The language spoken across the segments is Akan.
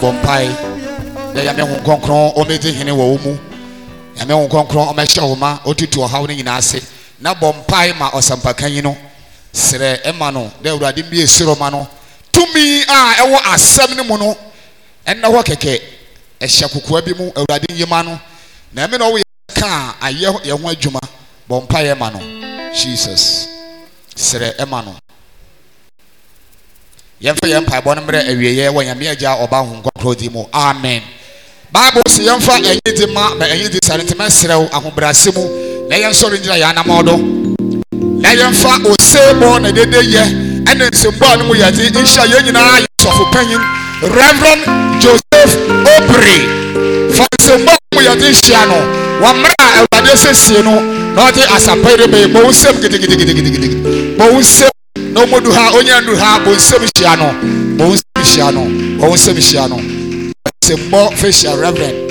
abɔ mpae dɛ yɛame ho nkronkron ɔmɛdi hene wɔ wo mu yɛame ho nkronkron ɔmɛhyɛ wo ma ɔtutu ɔhaw no nyinaa ase na bɔ mpae ma ɔsampakanyi no srɛ ɛma no dɛ awurade mbie soro ma no tumi a ɛwɔ asɛm ne mu no ɛnna hɔ kɛkɛ ɛhyɛ kokoa bi mu awurade nyima no na ɛmɛ na ɔwɔ yɛ ka a ayɛ yɛn ho adwuma bɔ mpae ɛma no jesus srɛ ɛma no yɛmfa yɛn mpaebɔ no mmerɛ awieeɛ wɔ nyame agya ɔba ahonkɔkorɔ di mu amen bible sɛ yɛmfa ɛnyi di ma ma ɛnyi di sane nti mɛsrɛ wo ahobrɛase mu na yɛnsɔre gyina yɛn anamɔ na yɛmfa oseebɔ na dedeyɛ ɛne nsɛmbɔ a no mu yɛde nhyia yɛn nyinaa yɛ sɔfo panyin reverend joseph obri fa nsɛmbɔ a mu yɛde nhyia no wɔn mmerɛ a awurade asiesie no na ɔde asapa yi de bɛyɛ bɔ wo nsɛm gidigidigidigidi No more ha onye ndu ha bɔ on hyia no bɔ nsɛm on no reverend.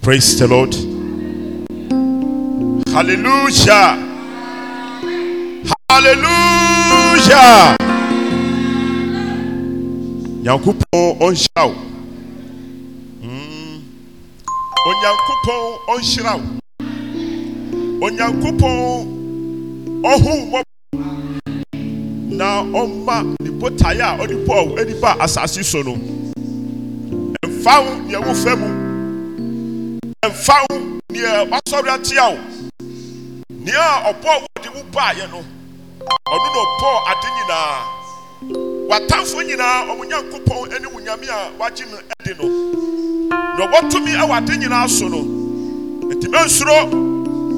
Praise the Lord. Hallelujah. Hallelujah. yankupo on shout onyankopɔn ɔnhyira wo onyankopɔn na ọma ne botae a ɔde bɔɔ ani asase so no ɛmfa wo neɛ wofɛ mu ɛmfa wo neɛ wasɔre atea wo neɛ a ɔbɔɔ no ɔno na ɔbɔɔ ade nyinaa w'atamfo nyinaa ɔmo nyankopɔn ne wo nyame a wagye na wɔtumi ɛwɔ ade nyinaa so no nti mɛnsuro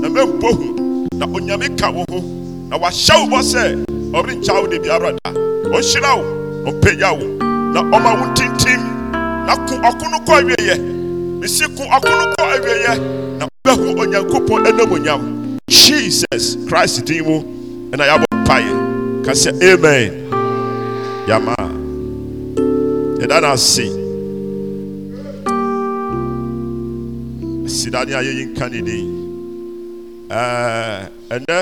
na mɛmpɔ hu na onyame ka wo ho na wahyɛ wo bɔ sɛ ɔrenkyɛ wo de biara da ɔnhyira wo ɔmpagya wo na ɔma wo ntintim na ko ɔko no kɔ awieɛ mesi ko ɔko no kɔ awieɛ na wobɛhu onyankopɔn animonyam jesus christ din mu ɛna yɛabɔ paeɛ ka sɛ amen yɛama yɛda na ase sidane eh, eh, a yɛyi ka nede ɛnɛ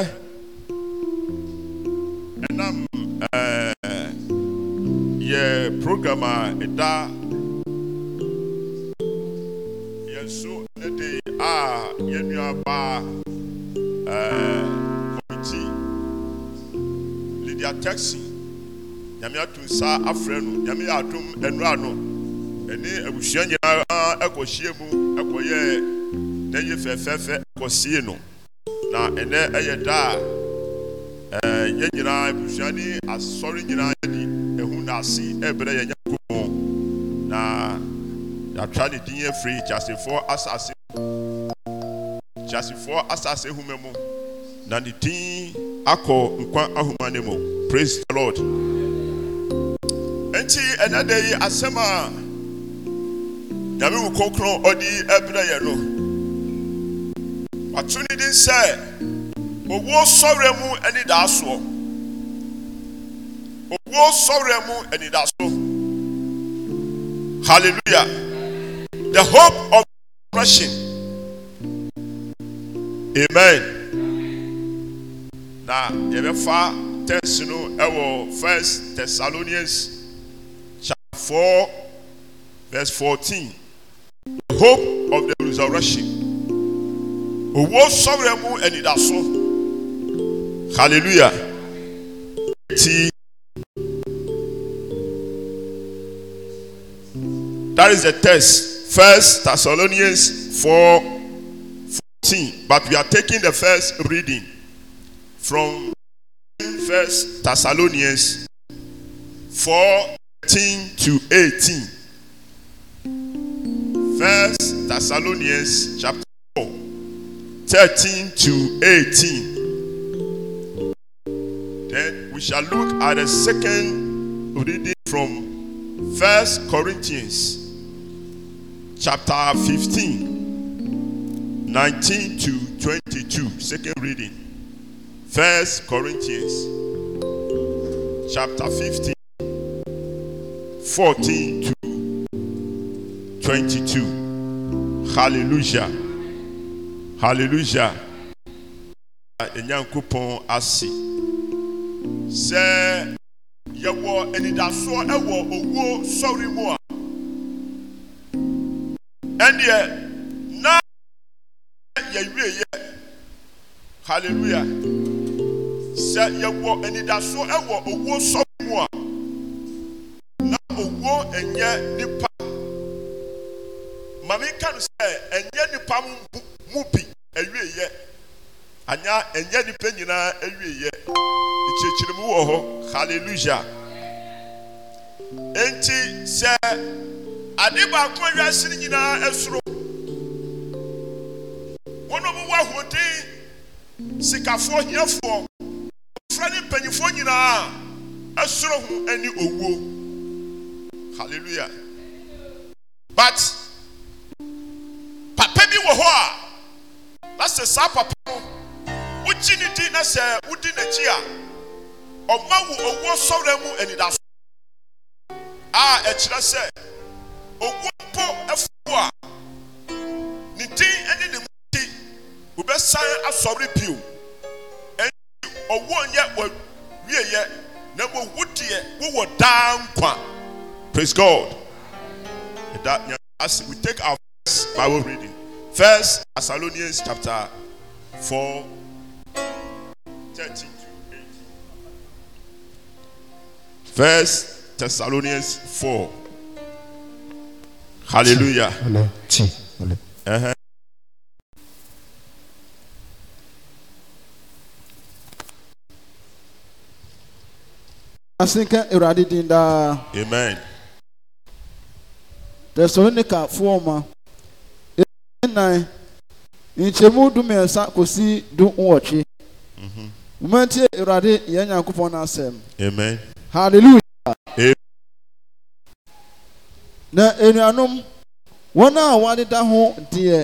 ɛnam yɛ programma da yɛso nede a yɛnua baa koti eh, lidia taxi nyame atom sa afrɛ no nyame yɛadom anua no ɛni awusua nyina ɛkɔ hyiemu ɛkɔyɛ na ɛyɛ fɛfɛɛfɛ kɔsie no na ɛnɛ ɛyɛ da a ɛɛ yɛn nyinaa abusua ne asɔre nyinaa yɛde ɛhu na ase ɛbrɛ yɛn nyankopɔn na yɛatwa ne din afiri kyasefoɔ asase kyasefoɔ asase home mu na ne din akɔ nkwa ahoma ne mu praise the lord nti ɛnɛ da yi asɛm a nyame wo kronkron ɔde ɛbrɛ yɛn no wato ne din sɛ owuo sɔwerɛ mu anidasoɔ owuo sɔwerɛ mu anidaso hallelujah the hope of resurrection. amen na yɛbɛfa tɛnsi no ɛwɔ first thessalonians chapter four verse fourteen the hope of the resurrection. owo sɔwere mu anidaso haleluja t that is the test firs thessalonians 4:14 but we are taking the first reading from fis thessalonians 4 3 to 18 firs thessalonians chapter 4 3 o8 then we shall look at the second reading from first corinthians chapter 15 19 22 second reading first corinthians chapter 151422 haleluja halleluja anyankopɔn ase sɛ yɛwɔ anidasoɔ ɛwɔ owuo sɔre mu a ɛndeɛ na yɛweeeɛ alleluia sɛ yɛwɔ anidasoɔ ɛwɔ owuo sɔre mu a na oguo ɛnyɛ nnipa mameka no sɛ ɛnyɛ nnipa mu pi anya ɛnyɛ nipa nyinaa awieyɛ nkyerɛkyerɛmu wɔ hɔ hallelujah enti sɛ ade baako a wiase no nyinaa asuro wɔn a wɔwɔ ahoɔden sikafoɔ hiafoɔ wɔfra ne mpanyinfoɔ nyinaa asuro ho ani owuo hallelujah but papa bi wɔ hɔ a na sɛ saa papa no. wogye ne din na sɛ wodi n'akyi a ɔma wo owuo sɔwura mu anidaso a ɛkyerɛ sɛ owuo mpo afuo a ne din ne ne mu ti wobɛsan asɔre pio ɛnti ɔwuo nyɛ wɔwieyɛ na wowu deɛ wowɔ daa nkwa praise god that as we take our first Bible reading, First Thessalonians chapter four asek wuradedindaa teaonika ma9 nkyɛmu dumiɛnsa kosii du wɔtwe mm-hmm. mmantie awurade yɛn nyankopɔn n'asɛm amen hallelujah amen na anuanom wọn a wɔadeda ho deɛ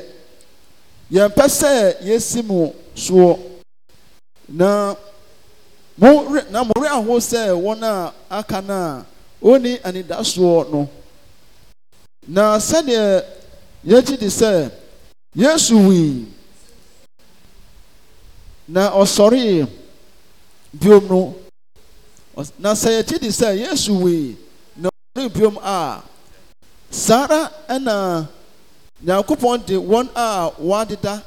yɛmpɛ sɛ yɛsi mu soɔ na mo na mo reaho sɛ wɔn a aka na a ɔnni anidasoɔ no na sɛdeɛ yɛgye sị sɛ yesu wii na ɔsɔree biom no na sɛ yɛkyi di sɛ yesu wei na ɔre biom a saa ara na nyankopɔn de wɔn a wɔadeda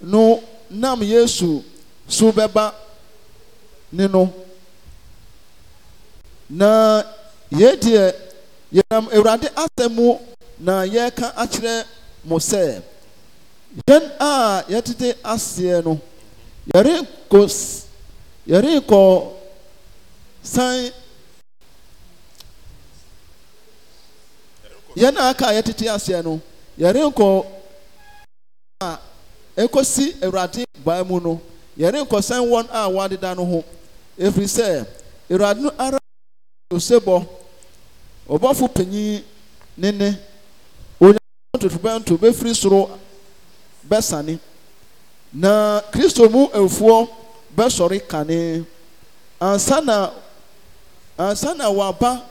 no nam yesu so bɛba ne no na yei deɛ yɛnam awurade asɛm mu na yɛreka akyerɛ mo sɛ yɛn a yɛtete aseɛ no yɛrenkɔ yɛde kɔ san yɛn a aka a yɛtete aseɛ no yɛde kɔ a ekosi awurade ban mu no yɛde kɔ san wɔn a wadeda no ho efiri sɛ awurade no ara osebɔ ɔbɔfo panyin ne ne onyankopɔn totobɛnto bɛfiri soro bɛsane na kristo mu efuo. bɛsɔre kane ansa na ansa na waba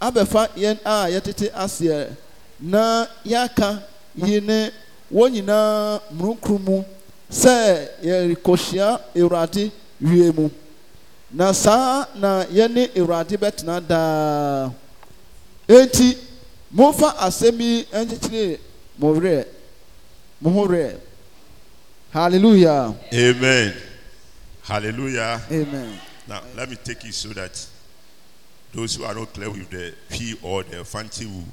abɛfa yɛn a yɛtete aseɛ na yɛaka yi ne wɔn nyinaa mmurunkuru mu sɛ yɛrekɔhyia awurade wie mu na saa na yɛne awurade bɛtena daa enti momfa asɛm yi nkyekyere mo werɛ mo ho werɛ hallelujah amen Hallelujah. Amen. Now, Amen. let me take you so that those who are not clear with the P or the fountain will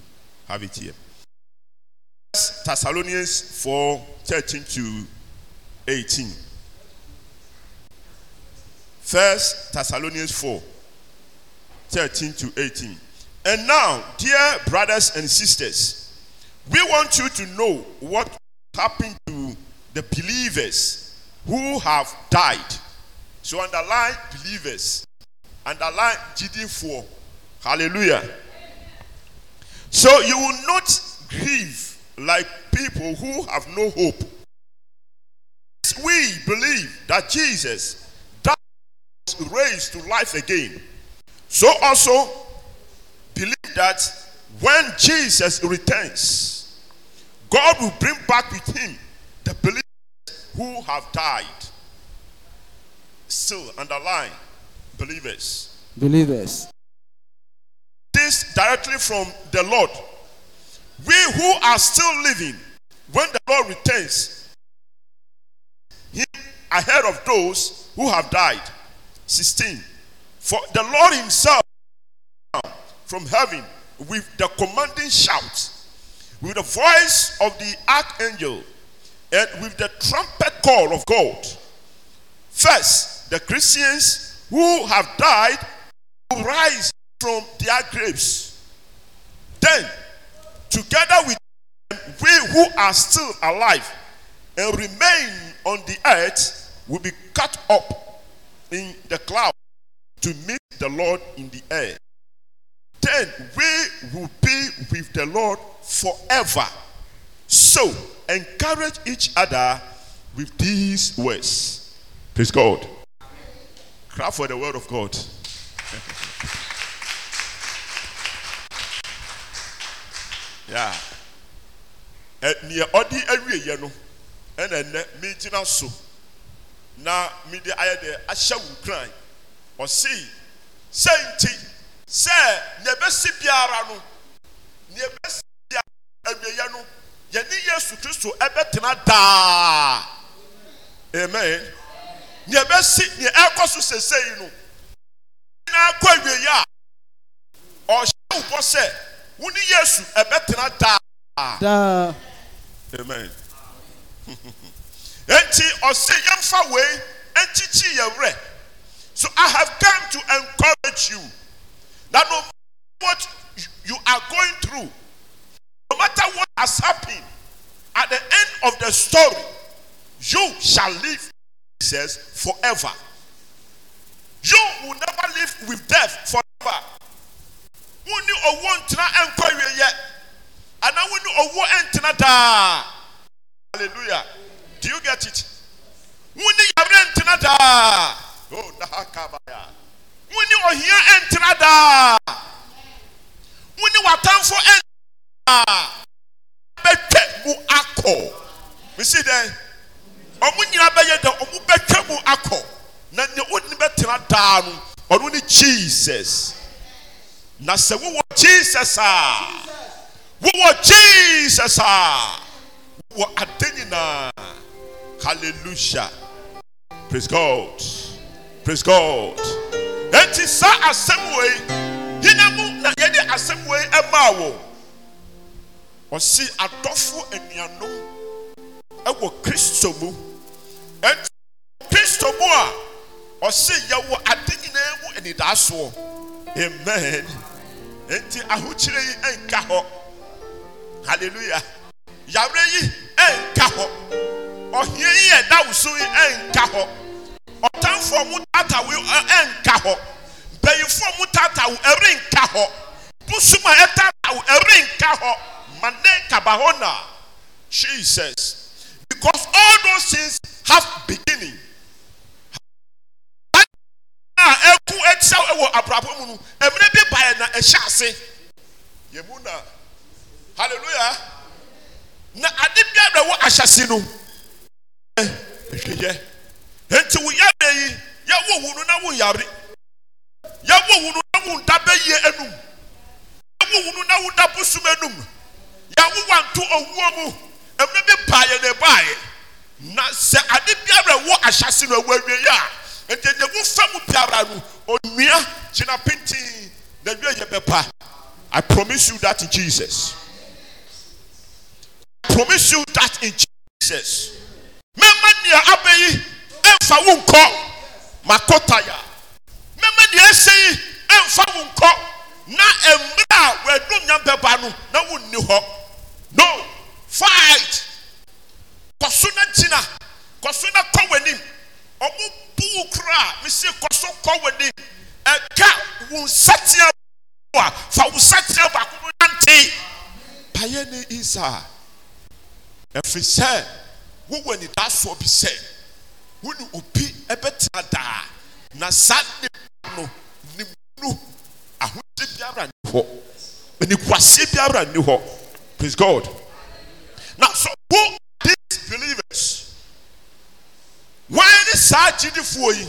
have it here. Thessalonians 4 13 to 18. First Thessalonians 4 13 to 18. And now, dear brothers and sisters, we want you to know what happened to the believers who have died so underline believers. Underline GD4. Hallelujah. So you will not grieve like people who have no hope. We believe that Jesus died was raised to life again. So also believe that when Jesus returns, God will bring back with him the believers who have died. Still, underline believers. Believers. This directly from the Lord. We who are still living, when the Lord returns, Him ahead of those who have died. 16. For the Lord Himself from heaven with the commanding shout, with the voice of the archangel, and with the trumpet call of God. First, the Christians who have died will rise from their graves. Then, together with them, we who are still alive and remain on the earth will be cut up in the cloud to meet the Lord in the air. Then we will be with the Lord forever. So encourage each other with these words. Praise God. Clap for the word of God. yeah. Nea ɔde awieɛ no ɛna ɛnɛ eh, megyina so na mede ayɛ dɛ ahyɛ wo kran ɔsei sɛ nti sɛ nea ɛbɛsi biara no nea ɛbɛsi biara awieɛ no yɛne yesu kristo ɛbɛtena daa amen. amen. nea ɛkɔ so no ɔhyɛ sɛ daa daa amen wei yɛ so i have come to encourage you that no matter what you are going through no matter what has happened at the end of the story you shall live says, forever. You will never live with death forever. Wuni owo ntina enkwa wiye. Ana wuni owo entina da. Hallelujah. Do you get it? Wuni yare entina da. Oh, dahakabaya. Wuni ohia entina da. Wuni watamfo entina da. Betwe mu akọ. We see there. ɔmo nyina bɛyɛ da ɔmobɛtwa mu akɔ na nea woni bɛtena daa no ɔno ne jesus na sɛ wɔss wowɔ jesus a wowɔ adɛ nyinaa haleluja prs gd prais god enti sa asɛmei hina mu na yɛdeɛ asɛmei ɛmaa wɔ ɔse adɔfo anuano ɛwɔ kristo mu ɛnti kristo mu a ɔse yɛwɔ ade nyinaa mu anidaasoɔ amen enti ahokyere yi ɛnka hɔ halleluya yawerɛ yi ɛnka hɔ ɔhia yi ɛda woso yi ɛnka hɔ ɔtamfoɔ mu tatawe ɛnka hɔ mpanyinfoɔ mu tatawe nka hɔ busuma ɛtatawe ɛrenka hɔ mane kaba na jesus Because all those things have beginning. ɛku ɛkyɛw ɛwɔ abrabɔ mu no ɛmuna bi ba na ɛhyɛ ase yɛmu na hallelujah na ade biara ɛwɔ ahyase no ɛhwɛyɛ nti wo yare yi ya wo no na wo yare yɛwɔ wo no na wo nda bɛyie enum yɛwɔ wo no na enum mu. ɛmɛ bi paayɛ na ɛbaayɛ na sɛ ade biara ɛwɔ ahyase na ɛwɔ awie yɛ a nti ɛdi biara no onua gyina pintin na ɛwie yɛ bɛpa i promise you that in jesus i promise you that in jesus mɛma nea abɛyi ɛnfa wo nkɔ makotaya mɛma nea ɛsɛ yi ɛnfa wo nkɔ na mmerɛ a wɔadum nyambɛba no na wonni hɔ no. 5i kɔso n'o gyina kɔso no kɔ w'nim ɔmɔbuu kora a mesei kɔso kɔ w'nim ɛka wo satea bɔ a fa wo satea bɔakono nante payɛ ne isaa ɛfiri sɛ wow' anidasoɔ bi sɛ wo ne obi bɛtena daa na saa niba no nemunu ahogyɛ biara nni hɔ ɛnikwaseɛ biawra nni hɔ prais god Now, so who are these believers? Why this Sajidi Fuyi?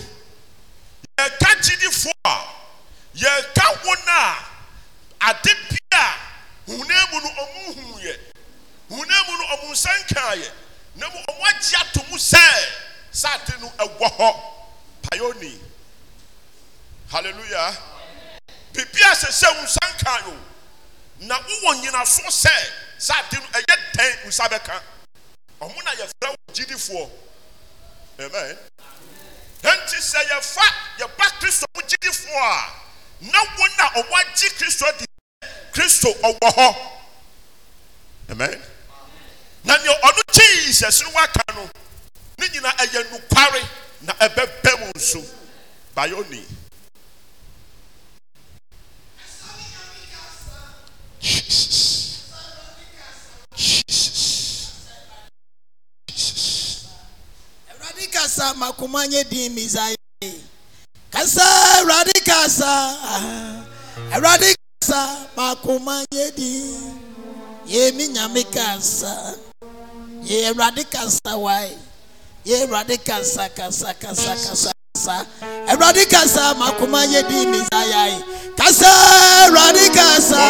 Yɛka gyidifoɔ a yɛka wɔn a ade bia hunam mu no ɔmo huuɛ hunam mu no ɔmo nsa nkaeɛ na mu ɔmo agye ato mu sɛ saade no ɛwɔ hɔ payoni hallelujah biribi a sɛ sɛ nsa nkaeɛ o na wowɔ nyinasoɔ sɛ. saa dim ɛyɛ kan nsa bɛka ɔmo na yɛfrɛ wo gyidifoɔ amen nti sɛ yɛfa gba kristo mo gyidifoɔ a na wo na ɔmo agye kristo di kristo ɔwɔ hɔ amen na nea ɔno jesus no waka no na ɛbɛbɛ mu nso kasa makomanye di misae kasa radikasa ah, radikasa awurade kasa makomanye din yɛmi nyame kasa yɛ radikasa kasa wae radikasa kasa kasa kasa kasa radikasa awurade kasa makomanye din misae kasa awurade kasa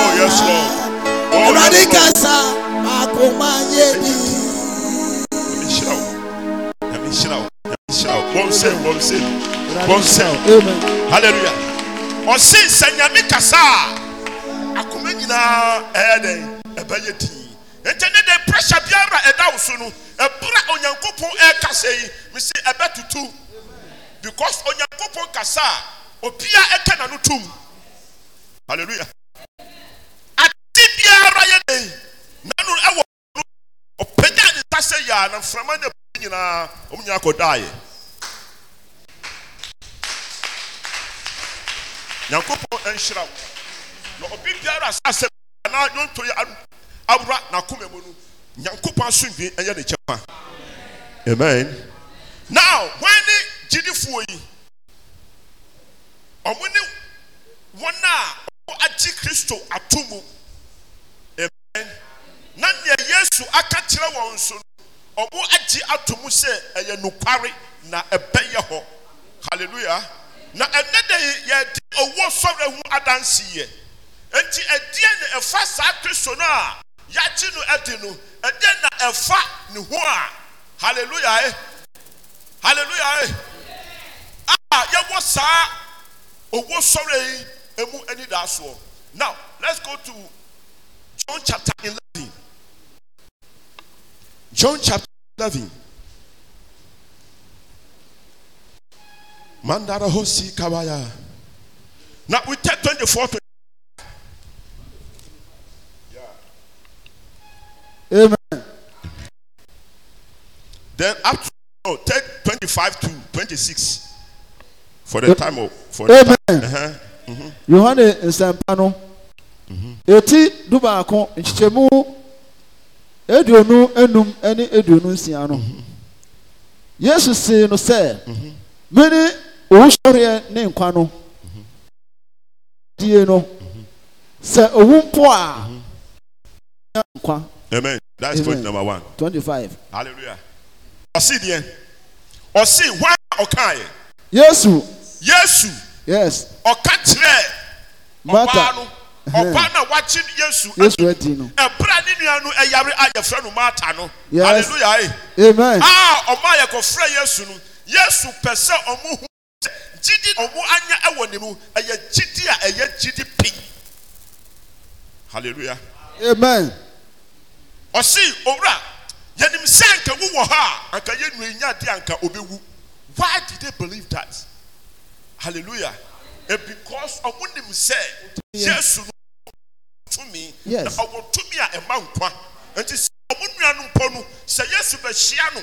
awurade kasa makomanye din. Let me aela ɔsen sɛ nyame kasaa akome nyinaa ɛyɛ dɛn ɛbɛyɛ din entɛ ne de pressiu biawra ɛda wo so no ɛbra onyankopɔn ɛkasɛi misi ɛbɛ tutu because onyankopɔn kasaa ɔbia ɛkɛ na no tom aleluya ade biara yɛne na noɛwɔ ɔpɛaane sasɛ yaa namframa nnepɛ nyinaa ɔmunya kɔdayɛ nhyira wo na obi biara sɛ asɛm anaa nnwonto yɛ awura mu no nyankopɔn ɛyɛ ne amen now wɔn ne gyidifoɔ yi wɔn ne wɔn a agye kristo ato mu amen na nea yesu aka kyerɛ wɔn so no ɔmo agye ato mu sɛ ɛyɛ na ɛbɛyɛ hɔ hallelujah na ɛnɛ de ɔwɔ sɔrɔ ho adansiɛ ndị ɛdeɛ na ɛfa saa kristo no a yɛagye no ɛdi no ɛdeɛ na ɛfa ne ho a hallelujah hallelujah a yɛwɔ saa ɔwɔ sɔrɔ yi emu anidasoɔ now let's go to john chapter eleven john chapter eleven. Mandara hosi kabaya. mme uh-huh. mm-hmm. yohane nsɛmpa no ɛti dubaako nkyekyɛmu aduono anum ɛne aduono nsia no yesu see no sɛ mm-hmm. mene ɔwu sɔreɛ ne nkwa no ɔsedɛ ɔse a a ɔkayɛy ɔka kyerɛ noɔba na wakye yesud no ɛbra ne nnua no yabere ayɛfrɛ no marta noaɔma eh? yɛkɔfrɛ yesu no yesu pɛ sɛ ɔmohu gyidi anya a hallelujah amen Osi owura yɛnim sɛ anka wu wɔ hɔ a anka yɛ anka obewu why did they believe that hallelujah and because ɔmo nim sɛ yesu no tumi na ɔwɔ tumi a ɛma nkwa nti sɛ I nua not mpɔ no sɛ yesu bɛ hyia no.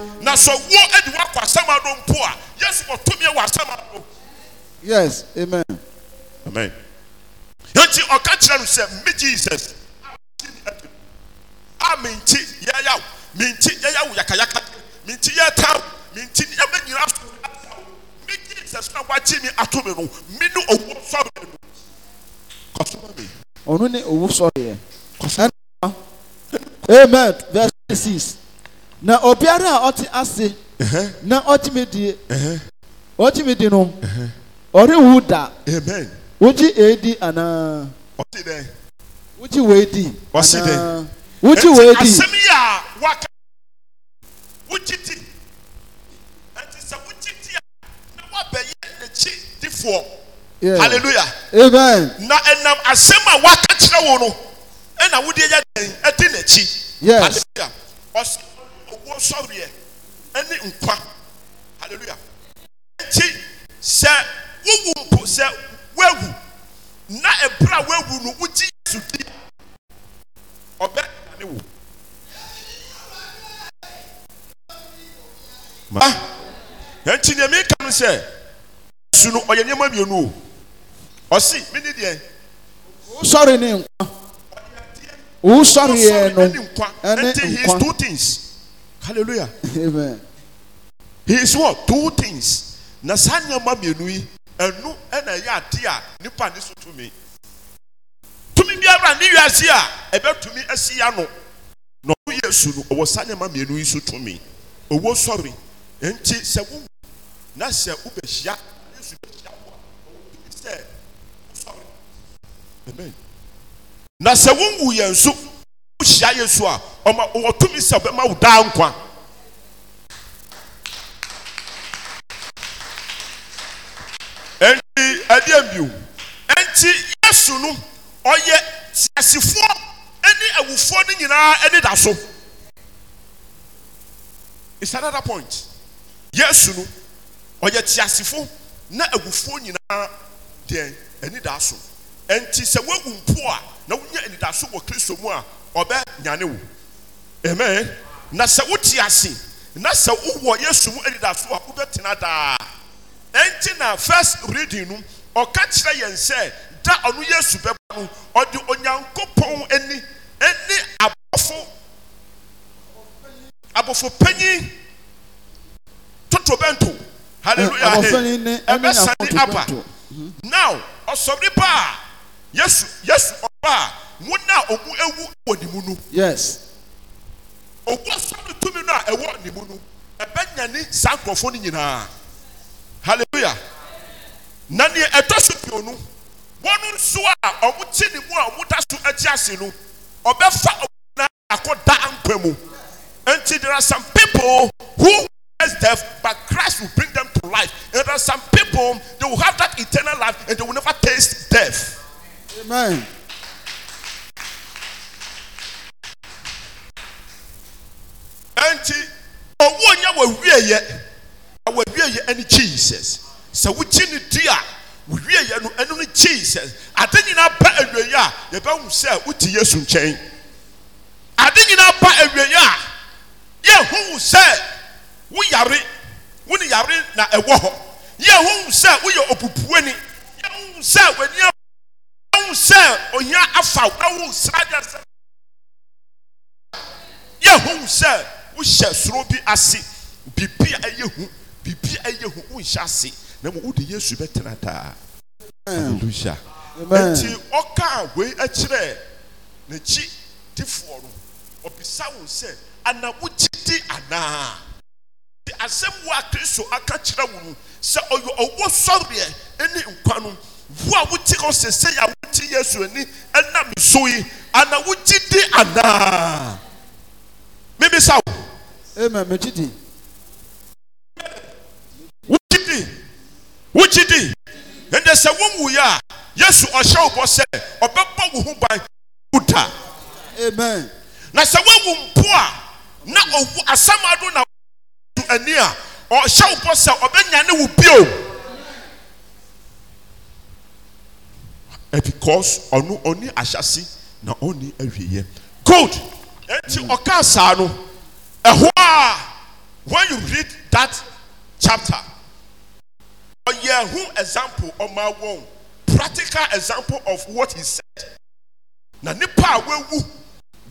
na sɛ wo de woakɔ asɛm adom mpo a yesu wɔtomiɛ wɔ asɛm adom yes amen amen yɛnti ɔka kyerɛ no sɛ me jesus a menti yɛyaw menti yɛyaw yakayaka menti yɛtaw menti yɛma nyina so me jesus na woagye me ato me no me ne owuo sɔre no kɔsoma me ɔno ne owuo sɔreɛ amen verse 6 na obiara a ɔte ase na ɔtumi die ɔtumi di no ɔrewu da wogye edi anaa wogye weedi anaa wogye weedi. asɛm yi a waka na hallelujah na ɛnam asɛm a waka kyerɛ wɔn no ɛna wodi yɛ dɛn ɛdi n'akyi wɔsɔreɛ ɛne nkwa hallelujah nti sɛ wowu mpo sɛ wawu na ebura wawu no wogye yesu di ɔbɛ ne wo ma nti nea meka no sɛ yesu no ɔyɛ nneɛma mmienu o ɔsi mi ni deɛ wosɔre ne nkwa wosɔre yɛ no nkwa ɛne two things. halleluyamn hii so hɔ two tings na saa nneɛma mmienu yi ɛno na ɛyɛ ade a nipane so tomi tumi biara ne wiase a ɛbɛtumi asi ya no na ɔwo ye su no ɔwɔ sa nneɛma mmienu yi so tomi ɛwɔ sɔre enti sɛ wowu na sɛ wobɛhyia subɛyia oa ɔ sɛ wsɔre amn na sɛ wonwu yɛ su wohyia yesu a ɔma ɔwɔ tumi sɛ ɔbɛma wo daa nkwa enti ɛdeɛn bio enti yesu no ɔyɛ teasefoɔ ne awufoɔ no nyinaa ɛne da so it's another point yesu no ɔyɛ teasefo na awufoɔ nyinaa deɛn ɛne da so enti sɛ woawu mpo a na wonya anidaso wɔ kristo mu a ɔbɛ nyane wo amen na sɛ wote ase na sɛ wowɔ yesu mu adida so a wobɛtena daa ɛnti na first reading no ɔka kyerɛ yɛn sɛ da ɔno yesu bɛba no ɔde onyankopɔn ani ɛne abɔfo abɔfo panyin totobɛnto hallelujah ɛbɛsane aba mhm. now ɔsɔre ba a yesu yesu ɔba a. Yes. Hallelujah. Nani etosu no. Wonu nso a omu ti ne mu a omu da so achi ase no. Obefa na akoda ankwa mu. Until there are some people who who is death, but Christ will bring them to life. And there are some people they will have that eternal life and they will never taste death. Amen. ɛnti ɔwoo nyɛ wowiɛeɛ na wawieɛ ane kyesus sɛ wokyi ne di a wowiɛɛ no ɛno no ki sus ade nyinaa ba awieɛ a yɛbɛhu sɛ wote yesu nkyɛn ade nyinaa ba awieɛ a yɛ hu u sɛ woyaere wo neyaere na ɛwɔ hɔ yɛ hu u sɛ woyɛ opupueni yɛ hu sɛ anihu sɛ ohia afaw na wore sragasɛ yɛ hu u sɛ wohyɛ soro bi ase biribi a ɛyɛ hu biribi a ɛyɛ hu wonhyɛ ase na mmom wode yesu bɛtena daa hallelujah nti ɔkaa wei akyerɛ n'akyi difoɔ no ɔbisa wo sɛ ana wogye di anaa de asɛm wo a kristo aka kyerɛ wo no sɛ ɔyɛ ɔwɔ sɔreɛ ne nkwa no wo a wote hɔ sese a wote yesu ani ɛnam so yi ana wogye di anaa mebisa wo Amen. Mechidi. Wuchidi. Wuchidi. And there's a woman we are. Yes, or shall was said, or Baba who by Uta. Amen. Now, some woman poor. Now, a summer do now to a near or shall was a Benyana will build. because ɔno ɔne ahyase na ɔne awieɛ code nti ɛhɔ a when you read that chapter ɔyɛ ho example ɔma wɔn practical example of what he said na nipa a wawu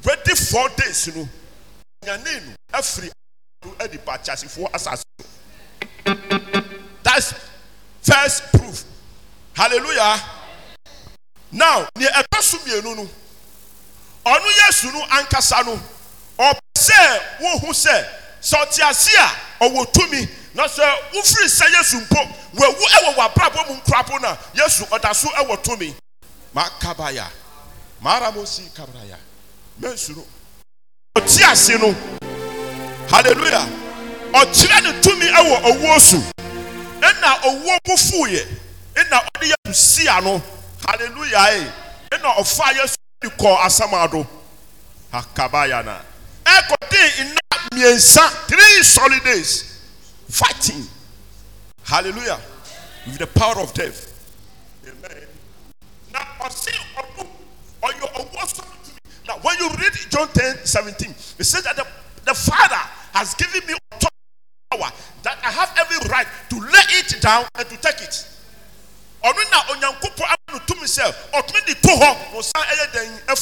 ready four days no nyane no afiri ano ɛde ba kyasifoɔ asase so that's first proof hallelujah now ni ɛka so mmienu no ɔno yɛ su ankasa no. ɔpɛ sɛ wohu sɛ sɛ ɔte ase a ɔwɔ tumi na sɛ wofiri sɛ yesu mpo wawu ɛwɔ w'abrabɔ mu nkorapo na yesu ɔda so ɛwɔ tumi makabaya maaramosi kabraya mɛnsuro ɔte ase no hallelujah ɔkyerɛ ne tumi ɛwɔ owuo so ɛna owuo bo fuuyɛ ɛna ɔde yesu si ano hallelujah eh. ɛna ɔfa yesu de kɔ asama do hakabaya na. un côté, il three solid days fighting. Hallelujah. With the power of death. Amen. Now, or your Now, when you read John 10 17, it says that the, the Father has given me power that I have every right to lay it down and to take it. ɔno na onyankopɔn ama no ɔtumi to hɔ ɔsan ɛyɛ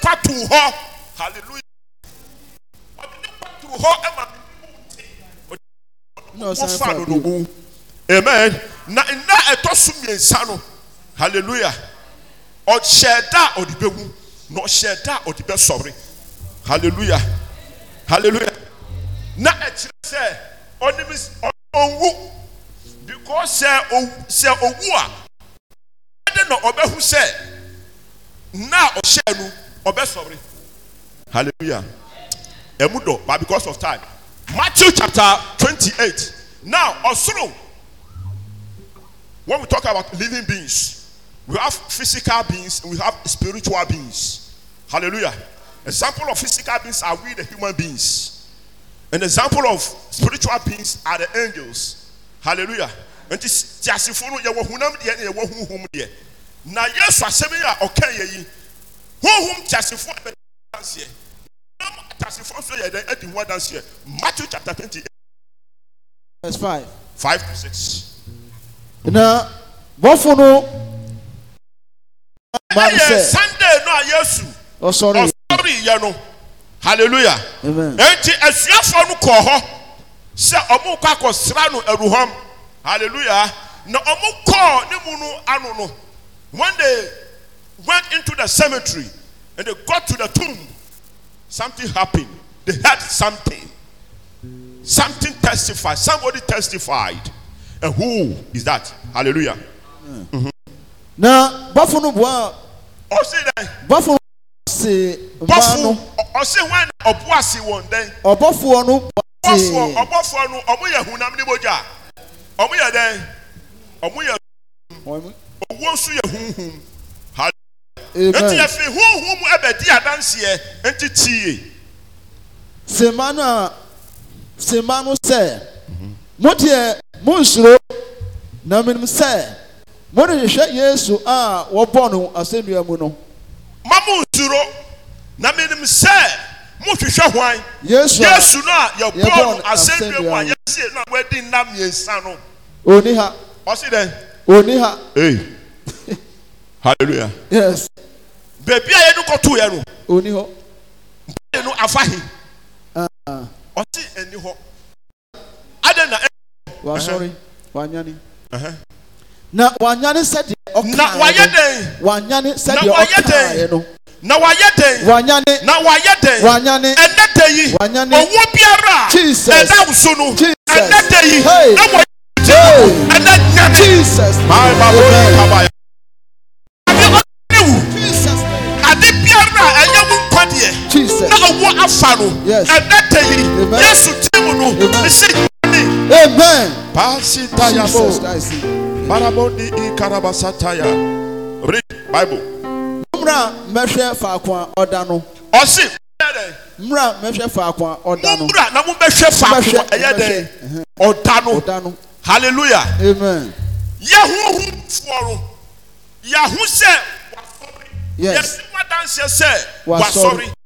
kwa hɔ hallelujah ɔde ne ba turu hɔ ɛma ne mu ɔde fa dodo mu amen na nna ɛtɔ so mmiɛnsa no hallelujah ɔhyɛ da a ɔde bɛ na ɔhyɛ da a ɔde bɛ hallelujah hallelujah na ɛkyerɛ sɛ ɔnim ɔnwu because sɛ owu sɛ owu a ɛde na ɔbɛhu sɛ na ɔhyɛ no ɔbɛsɔre. lamudɔ by because of time mathw chaper 28 na ɔsoro when we talk about living beings we have physical beins an we have spiritual beins halleluja example of physical beins are wi the human beings and example of spiritual beins are the angels halleluja nti teasefo no yɛwɔhunamdeɛ ne yɛwɔ hohom deɛ na yesu asɛmyi a ɔkɛ yɛyi hohom teasefo matthew chapter twenty-eight, verse five. five to six. na bɔfo no. sunday no a yesu. ɔsɔre yɛ no hallelujah. amen. eti no hɔ sɛ ɔmo kɔ no hallelujah na ɔmo kɔɔ ne mu no ano no when they went into the cemetery. and they got to the tomb, something happened. They heard something. Something testified. Somebody testified. And who is that? Hallelujah. Now, Buffalo Bois. Oh, Buffalo. Bọ́fù ọ̀sẹ̀ wọn ọ̀bù àsè wọn dẹ́. Ọ̀bọ̀fù ọ̀nù bọ̀ àsè. Ọ̀bọ̀fù ọ̀nù ọ̀mú yẹ hùn nàmú níbo jà. Ọ̀mú yẹ dẹ́. Ọ̀mú yẹ. Owó nsú yẹ hùn nti yɛfiri huhu mu ɛbɛdi adanseɛ nti tie. sèmá no a sèmá no sɛ mo deɛ mo nsoro na menim sɛ mo de hwehwɛ yesu a wɔbɔ no asɛnnua mu no. ma mo nsoro na menim sɛ mo hwehwɛ hwan. yesu a yesu no a yɛbɔ no asɛnnua mu a yɛsie no a wɔadi nna mmiɛnsa no. oni ha. ɔsi dɛ. oni ha. Hey hallelujah. yes. beebi a yɛn kɔ tu yɛ no. oni hɔ. mpaade no afa hi. ɔsi ɛni hɔ. adan na. wasɔre wanyane. na wanyane sɛdeɛ ɔkaayɛ no. na wayɛ dɛn. wanyane sɛdeɛ ɔkaayɛ no. na wayɛ dɛn. wanyane. na wayɛ dɛn. wanyane. ɛnɛ tɛ yi. wanyane. owó biara. jesus ɛnɛ wusu no. jesus ɛnɛ tɛ yi. na wayɛ dɛn. ɛnɛ nyane. jesus. maa maa wo ni kaba yɛ. sɛ ɔwɔ afa no ɛnɛ tɛyiri yesu ti mu no ɛsɛ yiri. amen. paasi taya bo barabo ni ikarabasa taya read bible. mura mɛhwɛ faako a ɔda no. ɔsi ɛyɛ dɛ. mura mɛhwɛ faako a ɔda no. mura na mo bɛhwɛ faako a ɛyɛ dɛ ɔda no hallelujah. amen. yahuhu fɔro yahu sɛ wasɔre yasi wadansi sɛ wasɔre.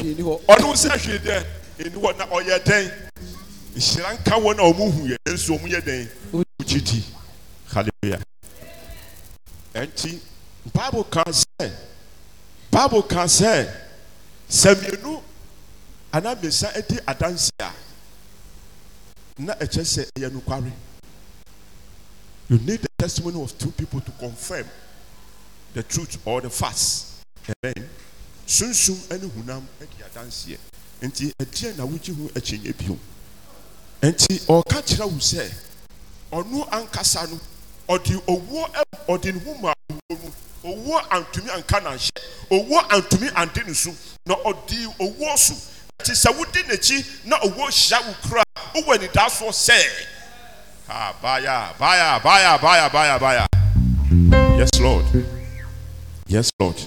hwee ni hɔ. ɔno nsa hwee dɛ hɔ na ɔyɛ dɛn nhyira nka wɔn hu yɛ nso yɛ dɛn di hallelujah ɛnti baabu kan sɛ baabu kan sɛ adansi a na ɛkyɛ sɛ ɛyɛ nukwari you need the testimony of two people to confirm the truth or the facts. Amen. sunsun ne honam di adanseɛ nti ɛdeɛ na wogye ho akyinnye bio nti ɔreka kyerɛ wo sɛ ɔno ankasa no ɔde owuo ɔde ne ho maa owuo mu owuo antumi anka n'ahyɛ owuo antumi ante ne so na ɔde owuo so ɛti sɛ wodi n'akyi na owuo hyia wo kura wowɔ anidasoɔ sɛ ha baya baya baya baya baya baya yes lord yes lord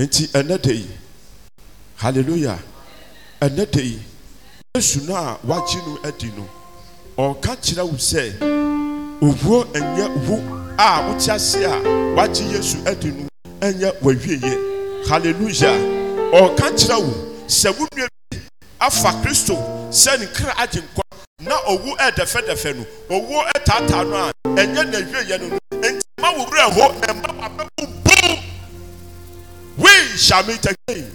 nti ɛnɛ da yi hallelujah ɛnɛ da yi yesu no a wagye no adi no ɔka kyerɛ wo sɛ owuo ɛnyɛ wo a wote ase a wagye yesu adi no ɛnyɛ wawieyɛ hallelujah ɔka kyerɛ wo sɛ wo nua bi afa kristo sɛ ne kra agye nkwa na owu ɛdɛfɛdɛfɛ no owu ɛtaataa no a ɛnyɛ na awieyɛ no no nti ma wo werɛ hɔ na ma we shall meet again.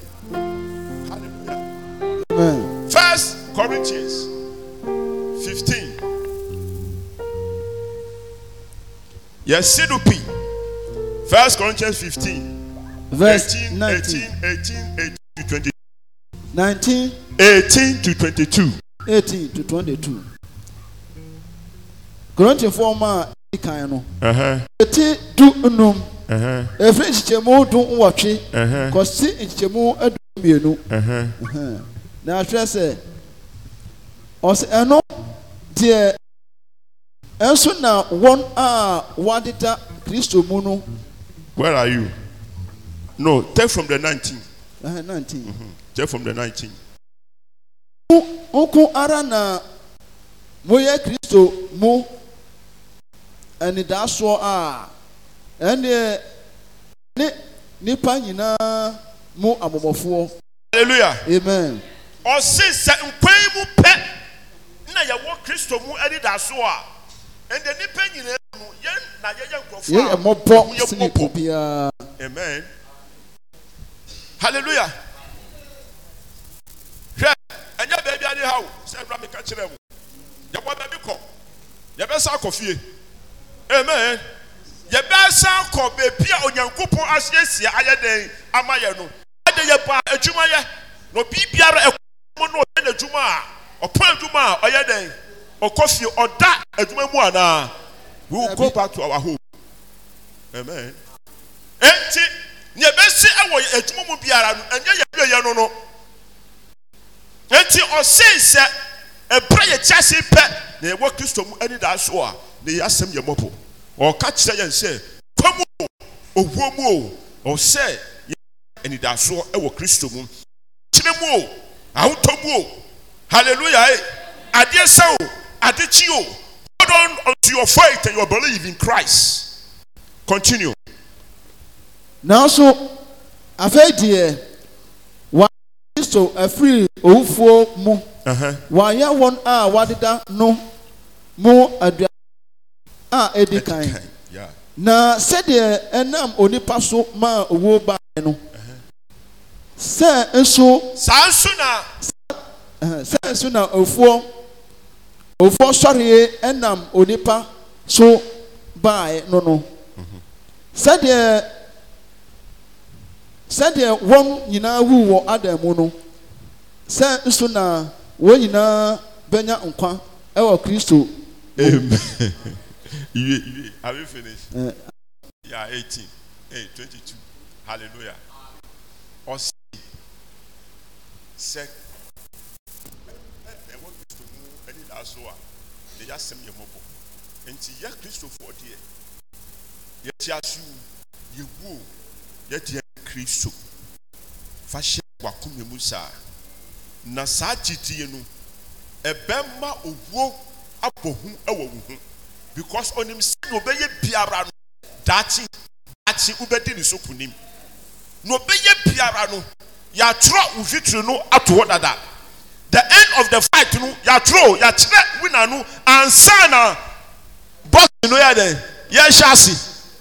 Hallelujah. Amen. First Corinthians 15. Yes, see the P. First Corinthians 15. Verse 18, 19. 18, 18, 18 to 22. 19. 18 to 22. 18 to 22. Corinthians 4 ma Uh-huh. 18 to num. ɛfiri nkyekyɛmu du nwɔtwe kɔsi nkyekyɛmu du mmienu na ahwɛ sɛ ɔsɛ ɛno deɛ na wɔn a wɔadeda kristo mu no. where are you no take from the nineteen. Uh, take from the nineteen. nkun ara na moyɛ kristo mu anidasoɔ a. ɛnneɛ uh, ne nipa nyinaa mu amɔmɔfoɔ. hallelujah amen. ɔsi sɛ nkwan mu pɛ na yɛwɔ kristo mu anidaso a ɛnna nipa nyinaa mu yɛn na yɛyɛ nkurɔfoɔ a yɛyɛ mɔpɔ sini obiara amen hallelujah hwɛ ɛnyɛ beebi adi ha o sɛ ɛdura mi ka kyerɛ mu yɛbɔ baabi kɔ yɛbɛ sa akɔ fie amen yɛbɛsan kɔ beebi a onyankopɔn asiesie ayɛ den ama yɛ no ade yɛ ba adwuma yɛ na obi biara ɛkɔm no ɔyɛ n'adwuma a ɔpɔ adwuma a ɔyɛ den ɔkɔ fie ɔda adwuma mu anaa we will go back to our home amen eti nea ɛbɛsi ɛwɔ adwuma mu biara no ɛnyɛ yɛ yɛ no no eti ɔsii ɛbrɛ yɛ kyɛ se pɛ na yɛwɔ kristo mu ɛni da so a na yɛ asɛm yɛ mɔbɔ. or catch say and say come on oh whoa whoa or say and it does so our crystal moon to the moon out of war hallelujah i did so i did you hold on to your faith and your belief in christ continue now so i've heard here why so a free oh for more why you one hour what did that no more a ɛdi kan na sɛdeɛ ɛnam onipa so maa owó yɛ no sɛ nso saa nso na sɛ nso na ofuɔ ofuɔ sɔreɛ ɛnam onipa so yɛ no no mhm. sɛdeɛ sɛdeɛ wɔn nyinaa wu wɔ adam mu no sɛ nso na wɔn nyinaa bɛnya nkwa ɛwɔ kristo. Iwe, Iwe, have you finished? Uh, yeah, 18. Hey, 22. Hallelujah. Ọsẹ eh, eh, sec. ẹ ẹ wọ kristu mu ẹni da so a ne yà sẹm yẹ mọ bọ nti yẹ kristu fọ deɛ yẹ ti asu yẹ wu o yẹ ti yẹ kristu fa hyɛ wakoma mu saa na saa titi yɛ no ɛbɛn ma owuo abɔ hu ɛwɔ wo ho because onim sɛ na ɔbɛyɛ biara no daakye daakye wobɛdi ne so kunim na ɔbɛyɛ biara no yɛatwerɛ wo fitiri no ato hɔ dada the end of the fight no yɛatwerɛ yɛakyerɛ wina no ansa na bɔsi no yɛ dɛn yɛhyɛ ase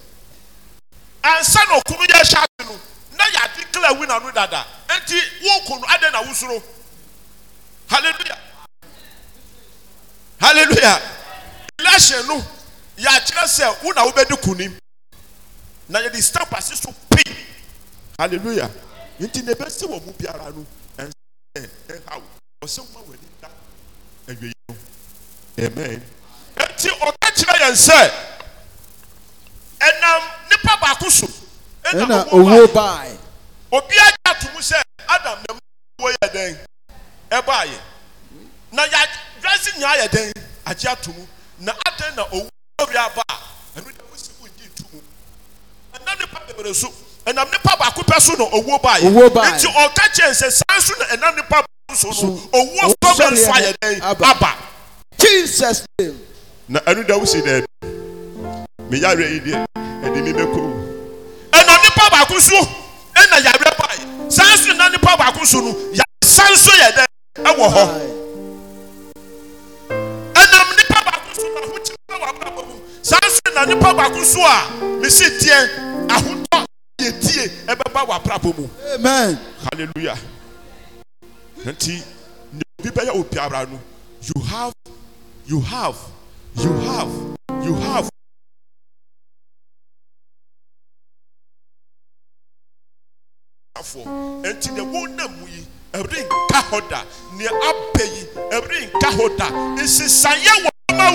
ansa na ɔko no yɛhyɛ ase no na yɛade kila wina no dada nti wɔko no adɛn na wosoro hallelujah hallelujah election no yɛakyerɛ sɛ wo na wobɛdi kunim na yɛde stamp ase so pei halleluya nti na ɛbɛsɛ wɔ mu biara no ɛnhaw ɔsɛ woma w'ani da awiei no amen enti ɔka kyerɛ yɛn sɛ ɛnam nipa baako so ɛna owuo bae obiara gye ato mu sɛ adam na mmuo yɛ dɛn ɛbaeɛ na yɛadwɛse nyinaa yɛ dɛn agye ato mu na adan na owu owi aba a ɛnu dɛm si mu nyi ntu mu ɛnam nipa bebree so ɛnam nipa baako pɛ so na owuo baa yɛ owuo ɔka kyɛn san so na ɛnam nipa baako so no owuo sɔrɔ nfa yɛ dɛ aba jesus name na ɛnu dɛm si dɛ mi yare yi deɛ ɛdi mi bɛ kow ɛnam nipa baako so ɛna yare baa yɛ san so na nipa baako so no yare san so yɛ dɛ ɛwɔ hɔ. amen hallelujah you have you have you have you have. nti deɛ wɔnam mu we ɛrenka hɔ da nea abɛ yi ɛrenka Kahoda. This is wɔ aelaamen 22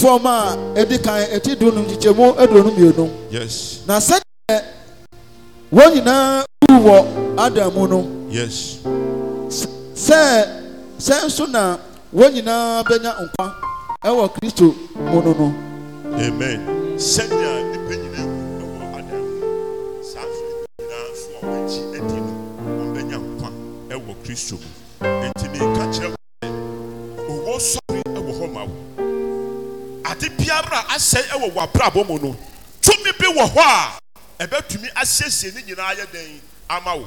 foɔ ma a ɛdi kae tidunu ntyikemu i na sɛdeɛ wɔ nyinaa wuu wɔ adam mu n sɛ nso na wɔ nyinaa bɛnya nkwa wɔ kristo mu nn kristo mu nti ne nka kyerɛ wo owó sɔre wɔ hɔ ma wo ade biara asɛe wɔ wɔ abrabɔ mu no tumi bi wɔ hɔ a ɛbɛtumi asiesie ne nyinaa yɛ dɛn ama wo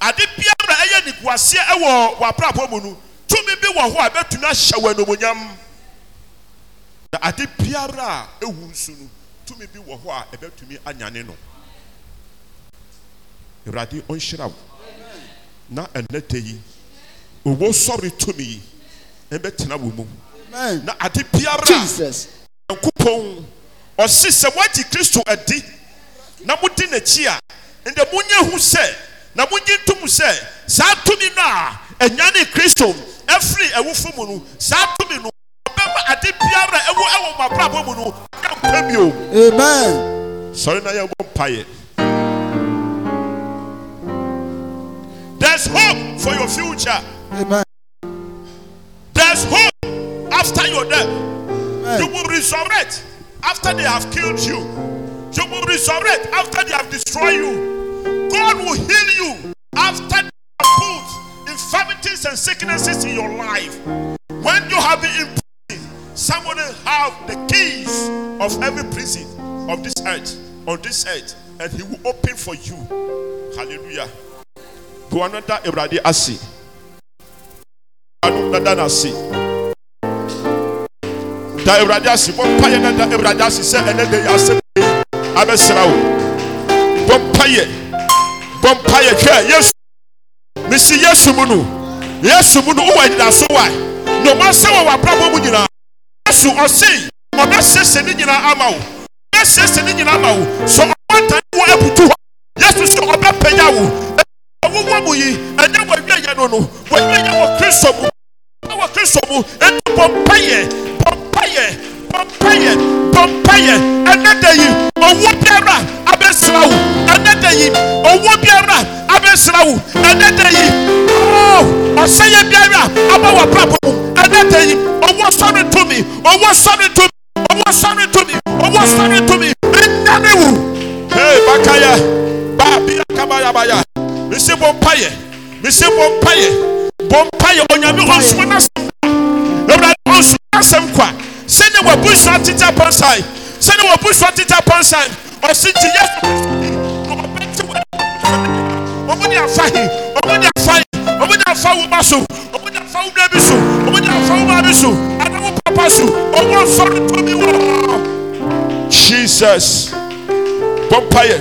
ade biara ɛyɛ ne guaseɛ wɔ wɔ abrabɔ mu no tumi bi wɔ hɔ a ɛbɛtumi ahyɛ wɔ anomonyam na ade biara a ewu nso no tumi bi wɔ hɔ a ɛbɛtumi anyane no awurade ɔnhyira wo. na ɛnnɛ da yi ɔwɔ sɔre tumi yi bɛtena wɔ mu na ade biara yankopɔn ɔse sɛ woagye kristo adi na mode n'kyi a ndɛ monyɛ hu sɛ na moye ntom sɛ saa tumi no a ɛnyanee kristo ɛfiri awufo mu no saa tumi no ɔbɛma ade biawra a ɛwo wɔ mabrabɔ mu no ka mka miom sɔre na yɛbɔ mpaeɛ There's hope for your future. Amen. There's hope after your death. Amen. You will resurrect after they have killed you. You will resurrect after they have destroyed you. God will heal you after they have put infirmities and sicknesses in your life. When you have been in prison, someone will have the keys of every prison of this earth, on this earth, and he will open for you. Hallelujah. wano nta awrade asewano nada n ase nta awrade ase bɔmpa yɛ nanta awrade ase sɛ ɛnɛ de yɛ asɛmi abɛsrɛ wo bɔmpa yɛ bɔmpa yɛ twɛ yes mesi yesu mu n yesu mu nu wowɔ andaso wa nnoma sɛ wɔwɔ abrabɔmu nyinaa yesu ɔsei ɔɛsesɛn nyina ama woɛsesene nyina ama wo s ɛnɛ wɔwie yɛ no no wɔwie yɛ wɔ kristo mu wɔ kristo mu ɛnɛ bɔmpayɛ bɔmpayɛ bɔmpayɛ bɔmpayɛ ɛnɛ da yi owó biara abɛsra wo ɛnɛ da yi owó biara abɛsra wo ɛnɛ da yi ooo ɔsɛyɛ biara ama wɔ abrabɔ mu ɛnɛ da yi owó sɔre to mi owó sɔre to mi owó sɔre to mi owó sɔre to mi ɛnɛ ne wo. ee bakaya baabi akabayabaya misi bɔmpayɛ mese bɔ mpaeɛ bɔ mpaeɛ onyame ɔnsom n'asɛm kwa ewurade ɔnsom n'asɛm kwa sɛnɛ wabu nsɔ tete apɔnsan sɛnɛ wabu nsɔ tete apɔnsan ɔsi ti yɛ ɔbɛ ti wɛ ɔmo de afa yi ɔmo de afa yi ɔmo de afa wo ba so ɔmo de afa wo bia bi so ɔmo de afa wo ba bi so adamu papa so ɔmo afɔri tobi wɔ jesus bɔ mpaeɛ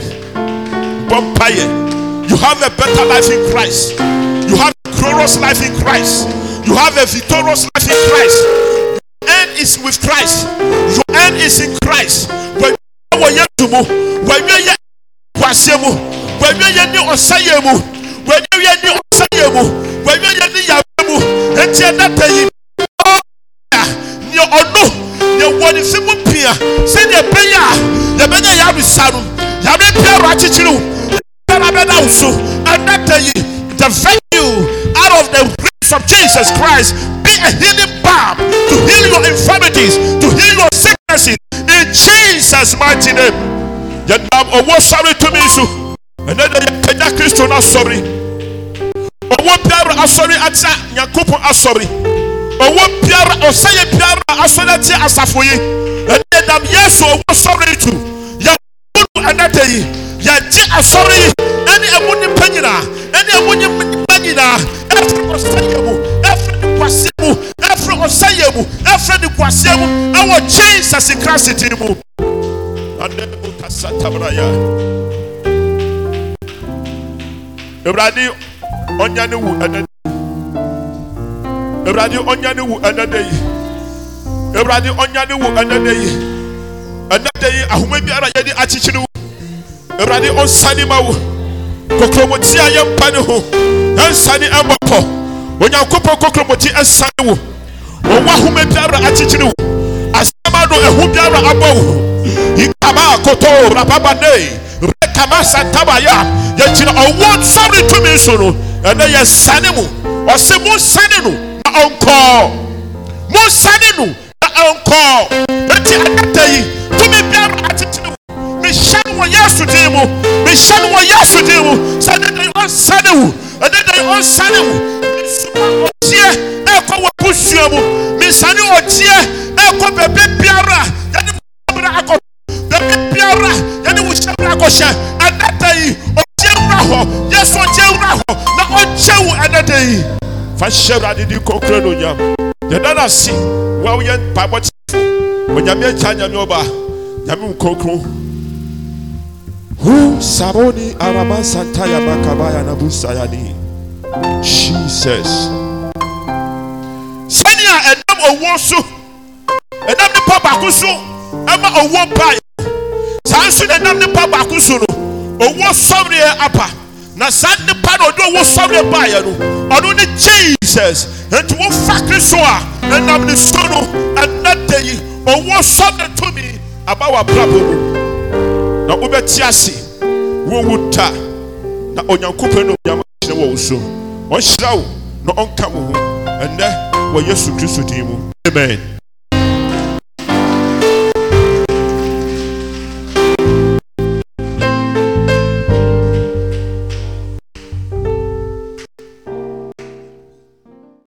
bɔ mpaeɛ. You have a better life in Christ. You have a glorious life in Christ. You have a victorious life in Christ. Your end is with Christ. Your end is in Christ. When you are to move, when you are kwasiemu, when you are new osayemu, when you are new osayemu, when you are new yabemu, and you are not paying. You are no, you want to see Mupia, send your prayer, the better you have is Sarum, you have a prayer, so nso tell you, the venue out of the grace of Jesus Christ be a healing balm to heal your infirmities to heal your sicknesses in Jesus mighty name yɛnam oh, sorry to me, so ɛnɛ de yɛkanya kristo no asɔre ɔwɔ Pierre, asɔre akyɛ nyankopɔn asɔre ɔwɔ biara ɔsɛyɛ biara asɔre akyɛ asafo yi ɛnɛ yɛnam yesu ɔwɔ sɔre tu yɛwɔ ɛnɛ tell you yɛgye asɔre yi ɛne ɛmu nipa nyinaa ɛne ɛmu nipa nyinaa ɛfiri ɔsɛyɛ mu ɛfiri nikwaseɛ mu ɛfiri ɔsɛyɛ mu ɛfiri nikwaseɛ mu ɛwɔ jesus christ din mu anemu kasa tabraya ewurade ɔnya ne wu ɛnɛ ewurade ɔnya ne wu ɛnɛ de yi ewurade ɔnya ne wu ɛnɛ de yi ɛnɛ de yi ahoma biara yɛde akyekyere wu. awurade ɔnsane ma wo kokromoti a yɛmpa ne ho ɛnsane ɛmmɔ pɔ onyankopɔn kokromoti ɛnsane wo wɔwɔ ahoma biara akyekyere wo asɛm ano ɛho biara abɔ wo yikama koto rababane rekama santabaya yɛgyina ɔwɔ nsɔre tumi so no ɛnɛ yɛsane mu ɔse monsane no na ɔnkɔɔ monsane no na ɔnkɔɔ eti adata yi yesu din mu mehyɛ no wɔ yesu din mu sɛ ɛdɛdɛn ɔnsane wo ɛdɛdɛn ɔnsane wo mesoma ɔgyeɛ ɛkɔ wɔ busua mu mesane ɔgyeɛ ɛkɔ bɛbɛ biara yɛde mbrɛ akɔ bɛbɛ biara yɛde wo hyɛ mbrɛ akɔhyɛ ɛdɛdɛn yi ɔgyeɛ wura hɔ yesu ɔgyeɛ wura hɔ na ɔgyeɛ wo ɛdɛdɛn yi fa hyɛ wurade di kɔkora no nyam yɛda no ase woa woyɛ mpaebɔ kyɛfo onyame agya nyame ɔba nyame wo Who Saroni Araman Santaya Bakabaya Nabusayani. Jesus. Sanya Edam Owosu. Edam the Papa Kusu. Emma Owo Pai. Sansu Edam the Papa Kusu. Owo Somri Apa. Na Sandi Pan Odo Owo Somri Bayanu. Odone Jesus. And to Fakri Soa. And I'm the Sono. And that day. Owo Somri to me. About our problem. na wobɛti ase wonwu ta na onyankopɔn no obiama kyenɛ wɔ wo so ɔnhyerɛ wo na ɔnka wo ho ɛnnɛ wɔ yesu kristo din mu amen